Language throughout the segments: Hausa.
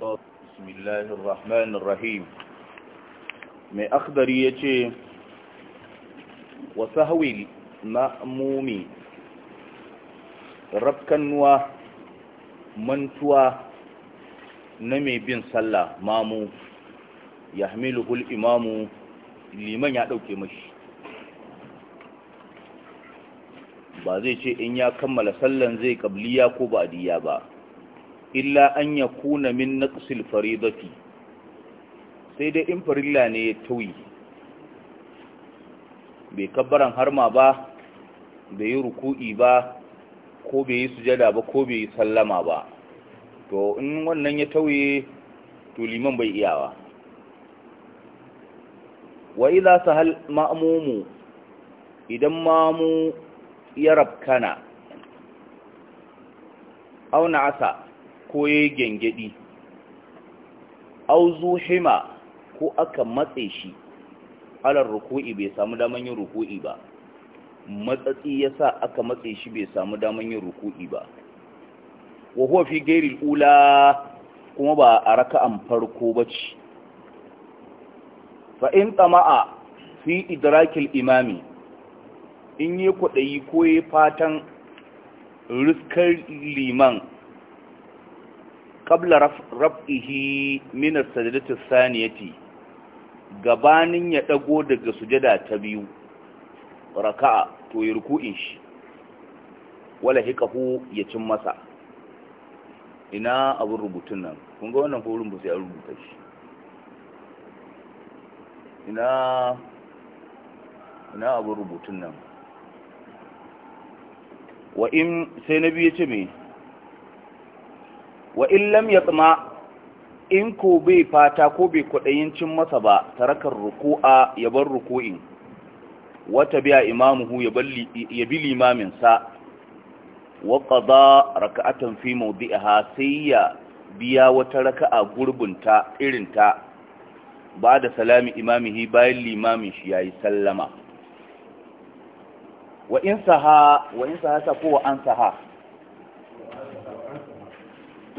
الشيطان mai akhdari ya ce wasu hawil ma'amumi rafkannuwa mantuwa na mai bin sallah mamu ya hamiluhul imamu liman ya ɗauke mashi ba zai ce in ya kammala sallan zai kabliya ko ba'adiyya ba illa an ya kuna min naqsil faridati sai dai in farilla ne ya tauyi bai kabbaran harma ba bai yi ruku'i ba ko bai yi sujada ba ko bai yi sallama ba to in wannan ya tauye to liman bai iyawa wa idza sahal ma'mumu idan mamu ya rabkana auna asa ko ya yi gyangyaɗi auzu hima ko aka matse shi alar ruku'i bai samu daman yin ruku'i ba matsatsi ya sa aka matse shi bai samu daman yin ruku'i ba wa fi gairi ula kuma ba a raka'an farko ba ce fa'in tsama'a fi idrakil imami in yi kwaɗayi ko ya fatan riskar liman qabla raf'ihi min as-sajdati as-saniyati gabanin ya dago daga sujada ta biyu raka'a to ya ruku'in shi wala hikahu ya cin masa ina abin rubutun nan kun ga wannan furin ba sai an rubuta shi ina ina abin rubutun nan wa in sai nabi ya ce me wa illam ya tsama in ko bai fata ko bai kwaɗayin cin masa ba tarakar ruku'a ya bar ruku'in wata biya imamuhu ya bi limaminsa wa ƙaza raka'atan fi maudi'aha sai ya biya wata raka'a gurbinta irinta ba da salami imamihi bayan limamin shi ya yi sallama wa in saha wa in saha ko wa an saha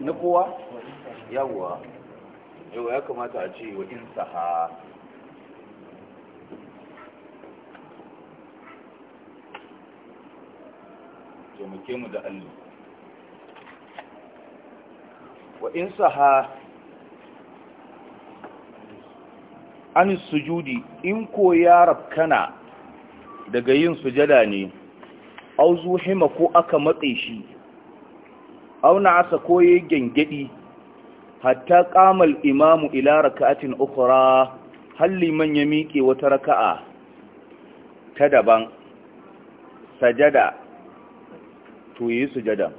na kowa yawwa yawwa ya kamata a ce wa in saha taimake mu da allu wa in saha an sujudi in ko ya rabkana daga yin sujada ne auzu hima ko aka matse shi auna asa ko ya gyangyaɗi hatta ƙamal imamu ila raka'atin halli man ya miƙe wata raka'a ta daban sajada to yi sujada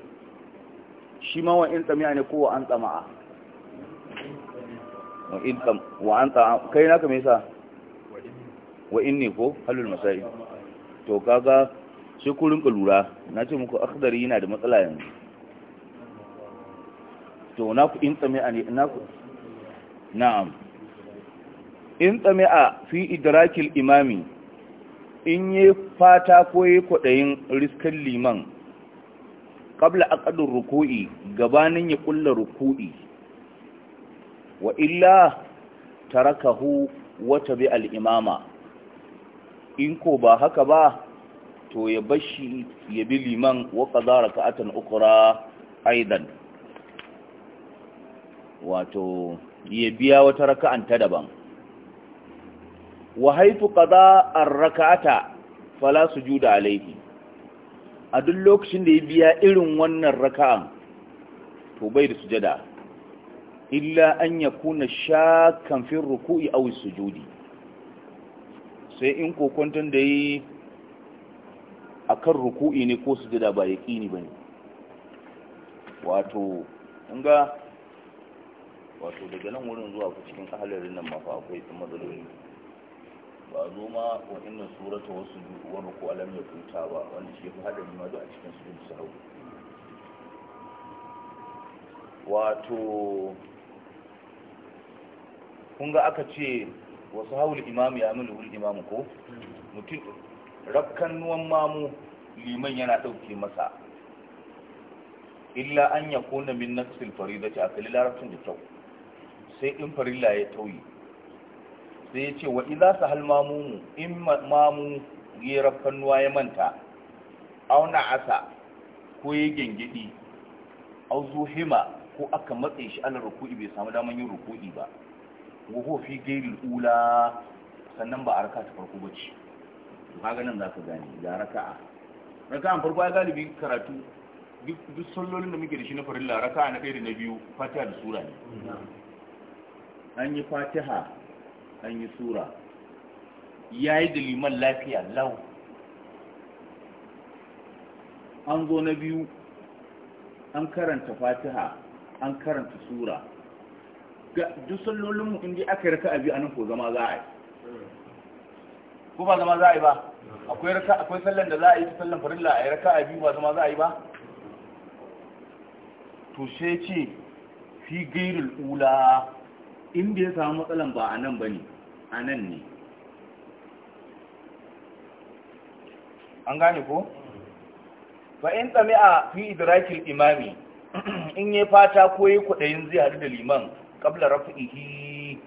shi ma in tsamiya ne ko an tsama'a wa'an tsama'a kai naka mai sa in ne ko halul masai to kaga shi kurin lura na ce muku akhdari yana da matsala yanzu to ku in tsami'a ne ku na'am in tsami'a fi idrakil imami in yi fata ko yi kwaɗayin riskan liman ƙabla a aƙadun ruku'i gabanin ya ƙulla ruku'i wa illa tarakahu wata bi al'imama in ko ba haka ba to ya bashi ya bi liman wa ƙazara ka'atan ukura aidan wato ya biya wata raka'an ta daban wa haifu qada ar raka'ata fala sujuda alayhi a duk lokacin da ya biya irin wannan raka'an to bai da sujada illa an yakuna shakkan fi ruku'i aw sujudi sai in kokonton da yi akan ruku'i ne ko sujada ba yaqini bane wato kun wato daga nan wurin zuwa ku cikin ahalarin nan mafa akwai sun matsaloli ba zo ma wa inna surata wasu wani ko alam ya kuta ba wanda shi fi haɗari ma a cikin su sahau wato kun ga aka ce wasu haul imamu ya min hul imamu ko mutum rafkan nuwan mamu liman yana ɗauke masa illa an yakuna min naqsil faridati a kalli larabcin da kyau sai in farilla ya tauye sai ya ce wa idza sahal mu in mamu ya fannuwa ya manta auna asa ko ya gengedi au zuhima ko aka matse shi ala ruku'i bai samu daman yin ruku'i ba gogo fi gairil ula sannan ba a raka ta farko bace kaga nan zaka gane ga raka'a raka'an farko ya galibi karatu duk sallolin da muke da shi na farilla raka'a na ɗaya da na biyu fatiha da sura ne an yi fatiha an yi sura ya yi da liman lafiya lau an zo na biyu an karanta fatiha an karanta sura duk sallolinmu inda aka yi raka abi a nan ko zama za a yi ko ba zama za a yi ba akwai raka akwai sallan da za a yi ta sallan farilla a yi raka abi ba zama za a yi ba to sai ce fi gairul ula da ya samu matsalan ba a nan ba ne a nan ne an gane ko? ba in tsami a fi idrakil imami in yi fata ko yi kudayin zai hadu da liman kabla rafi rafi'ihi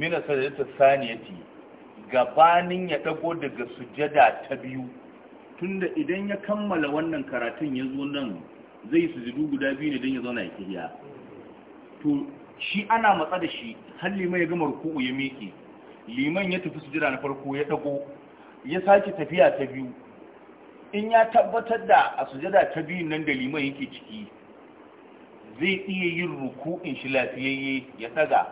mina sajadata saniyati gabanin ya dago daga sujada ta biyu tunda idan ya kammala wannan karatun ya zo nan zai zidu guda biyu ne don ya zauna ya kiriya to shi ana matsa da shi har liman ya gama ruku'u ya miƙe liman ya tafi sujira na farko ya dago ya sake tafiya ta biyu in ya tabbatar da a sujada ta biyu nan da liman yake ciki zai iya yin ruku'in shi lafiyayye ya daga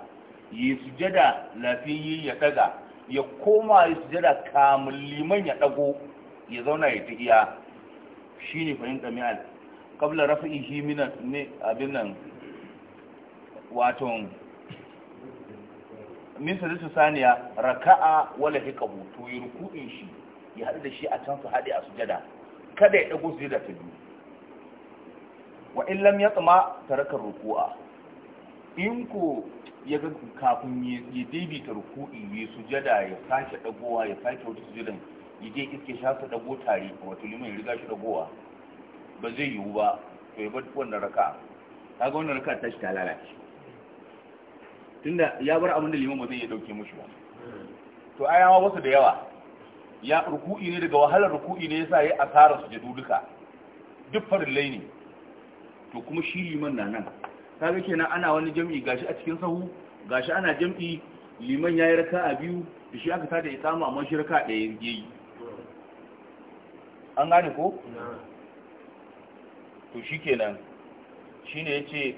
ya sujada lafiyayye ya daga ya koma ya sujada kamun liman ya dago ya zauna ya tafiya shine fahimta mai al qabla rafi'ihi min abin nan waton min zai saniya raka'a wala hikabu to yi ruku'in shi ya haɗu da shi a can su haɗe a sujada kada ya ɗago su ta biyu wa in lam yatma taraka ruku'a in ko ya ga kafin ya daidaita ruku'i ya sujada ya sake dagowa ya sake wata sujadan ya je iske shasa dago tare wato liman ya riga shi dagowa ba zai yiwu ba to ya bar wannan raka'a kaga wannan raka'a ta shi ta lalace tunda ya bar abin da liman ba zai iya dauke mushi ba to ai ma wasu da yawa ya ruku'i ne daga wahalar ruku'i ne yasa ya asara su jadu duka duk farin ne to kuma shi liman na nan kaga kenan ana wani jam'i gashi a cikin sahu gashi ana jam'i liman yayi raka'a biyu da shi aka tada isama amma shi raka'a ɗaya yi an gane ko to shikenan shine yace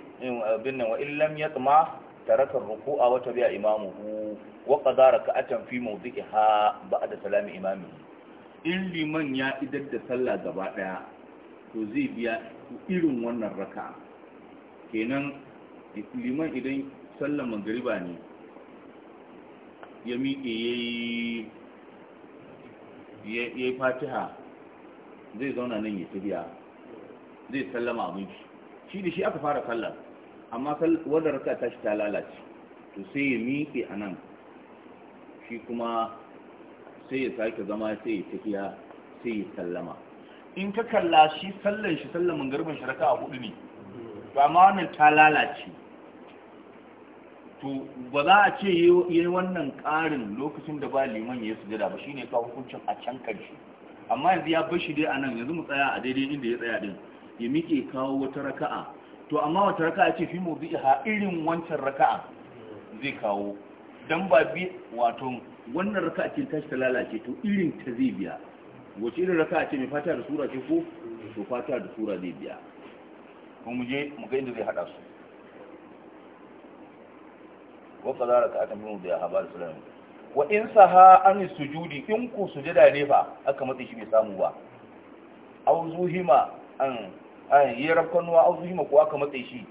abin nan wa illam yatma taraka ruku'a wa Imamu, imamuhu wa ka atam fi mawdi'iha ba'da salami imami in liman ya idar da sallah gaba daya to zai biya irin wannan raka. kenan liman idan sallar magriba ne ya miƙe ya yi fatiha zai zauna nan ya tabiya zai sallama abinci shi da shi aka fara sallar amma wadda raka ta shi ta lalace to sai ya miƙe a nan shi kuma sai ya sake zama sai ya tafiya sai ya sallama in ka kalla shi sallan shi sallamin garban shi raka a hudu ne ba ma wannan ta lalace to ba za a ce yi wannan ƙarin lokacin da ba liman ya su jira ba shi ne kawo hukuncin a can karshe amma yanzu ya bar shi dai a nan yanzu mu tsaya a daidai inda ya tsaya din ya miƙe kawo wata raka'a to amma wata raka'a ce fi ha irin wancan raka'a zai kawo dan ba bi wato wannan raka'a ce tashi ta lalace to irin ta zai biya wace irin raka'a ce mai fata da sura ce ko to fata da sura zai biya ko mu je mu ga inda zai hada su wa qala raka'atan min mawdu'iha habar sallallahu wa in saha an sujudi in ku sujada ne fa aka matsi shi bai samu ba auzuhima an ya rafkan a zuhima ko aka matse shi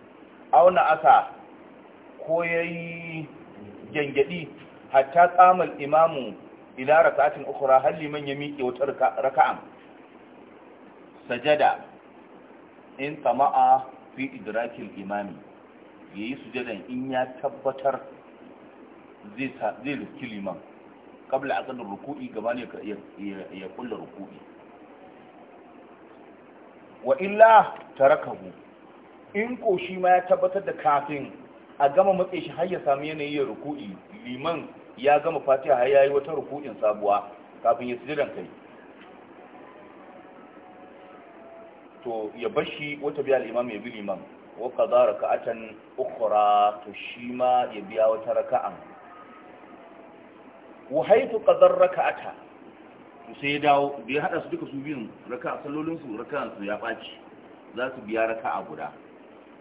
auna asa ko ya yi gyangyaɗi hatta tsamal imamu ila rakatin ukura har man ya miƙe wata raka'an sajada in tama'a fi idrakil imami ya yi sujadan in ya tabbatar zai riski liman kabla a tsanin ruku'i gaba ne ya kulla ruku'i wa illa tarakahu in ko shi ma ya tabbatar da kafin a gama matse shi har ya samu yanayin ruku'i liman ya gama fatiha har yayi wata ruku'in sabuwa kafin ya sujudan kai to ya bashi wata biya al-imam ya bi liman wa qadara raka'atan ukhra to shi ma ya biya wata raka'an wa haythu qadara raka'ata sai ya dawo da ya haɗa su duka su biyun raka sallolin su raka su ya baci za su biya raka a guda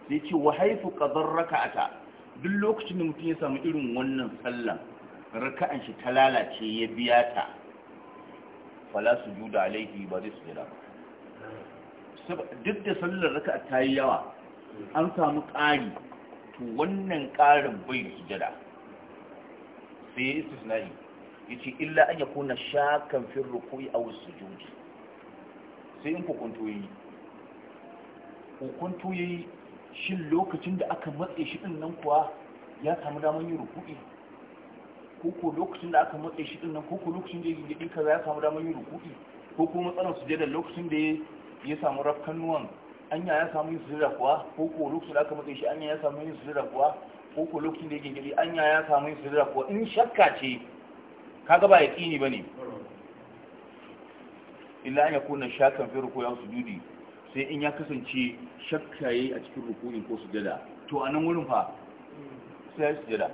sai ce wa haifu qadar raka'ata duk lokacin da mutum ya samu irin wannan sallan an shi ta lalace ya biya ta fala da alaihi ba zai sujada ba duk da sallar raka ta yi yawa an samu ƙari to wannan ƙarin bai su sujada sai ya istisna'i yace illa an yakuna shakan fi ruku'i aw sujudi sai in hukuntu yi hukuntu yi shin lokacin da aka matse shi din nan kuwa ya samu daman yin ruku'i ko lokacin da aka matse shi din nan ko lokacin da yake din kaza ya samu daman yin ruku'i ko kuma matsalar sujada lokacin da ya samu rafkanuwan anya ya samu yin sujada kuwa ko ko lokacin da aka matse shi anya ya samu yin sujada kuwa ko ko lokacin da yake gidi anya ya samu yin sujada kuwa in shakka ce kaga ba yaqini bane illa an yakuna shakan fi ruku'i aw sujudi sai in ya kasance shakkaye a cikin ruku'i ko sujada to a nan wurin fa sai sujada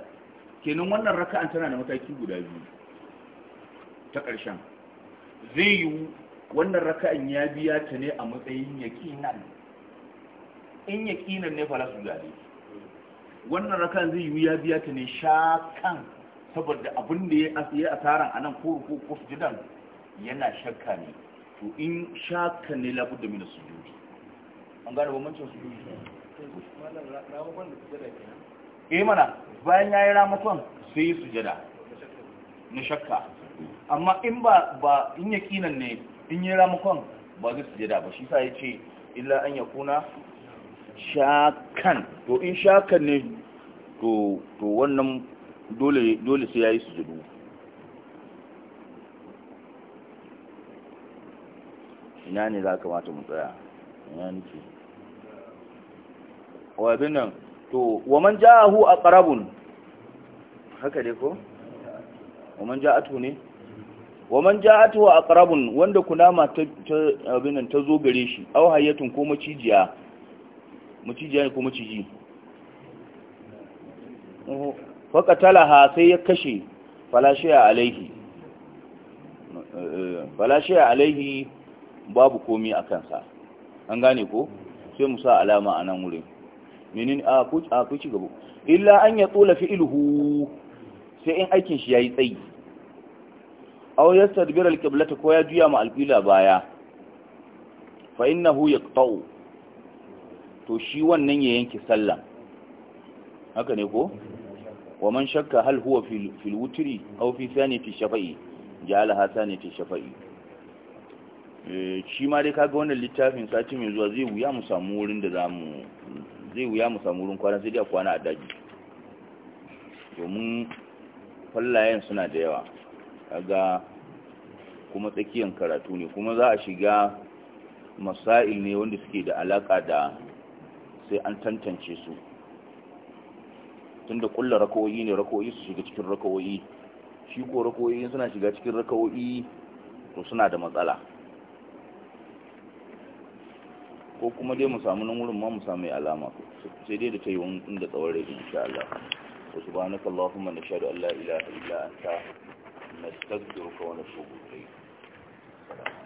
kenan wannan raka'an tana da mataki guda biyu ta ƙarshen zai yi wannan raka'an ya biya ta ne a matsayin yaqinan in yaqinan ne fa la sujada wannan raka'an zai yi ya biya ta ne shakan saboda abin da ya yi asaran a nan ko ko sujudan yana shakka ne to in shakka ne labu da mina sujudi an gane mancin sujudi eh mana bayan ya yi ramakon sai yi sujada na shakka amma in ba ba in kinan ne in yi ramakon ba zai sujada ba shi sa ya ce illa an yakuna shakan to in shakkan ne to wannan dole dole sai yayi sujudu ina ne za kamata mu tsaya ina ce wa abin nan to wa man ja'ahu aqrabun haka dai ko wa man ja'atu ne wa man ja'atu aqrabun wanda kunama ta abin nan ta zo gare shi aw hayatun ko macijiya macijiya ne ko maciji faƙatalaha sai ya kashe falashiya alaihi falashiya alaihi babu komi a kansa an gane ko sai musa alama a nan wurin Menene, a kuci gaba illa an ya tsola fi'ilhu sai in aikin shi ya yi tsayi au ya sadbira alƙiblata ko ya juya ma alƙila baya fa innahu yaqta'u to shi wannan ya yanke sallah haka ne ko wa man shakka hal huwa fil wutri aw في sanati shafa'i ja'alaha sanati shafa'i eh, shi ma dai kaga wannan littafin sati mai zuwa zai wuya mu samu wurin da zamu zai wuya mu samu wurin kwana sai dai kwana a daji domin fallayen suna da yawa kaga kuma tsakiyar karatu ne kuma za a shiga masail ne wanda suke da alaka da sai an tantance su tunda kulla rakawoyi ne rakawoyi su shiga cikin rakawoyi shi ko rakawoyi suna shiga cikin rakawoyi to suna da matsala ko kuma dai mu samu nan wurin ma mu samu alama sai dai da ta yi wani inda tsawon rai insha Allah wa subhanaka allahumma nashhadu an la ilaha illa anta nastaghfiruka wa natubu ilayk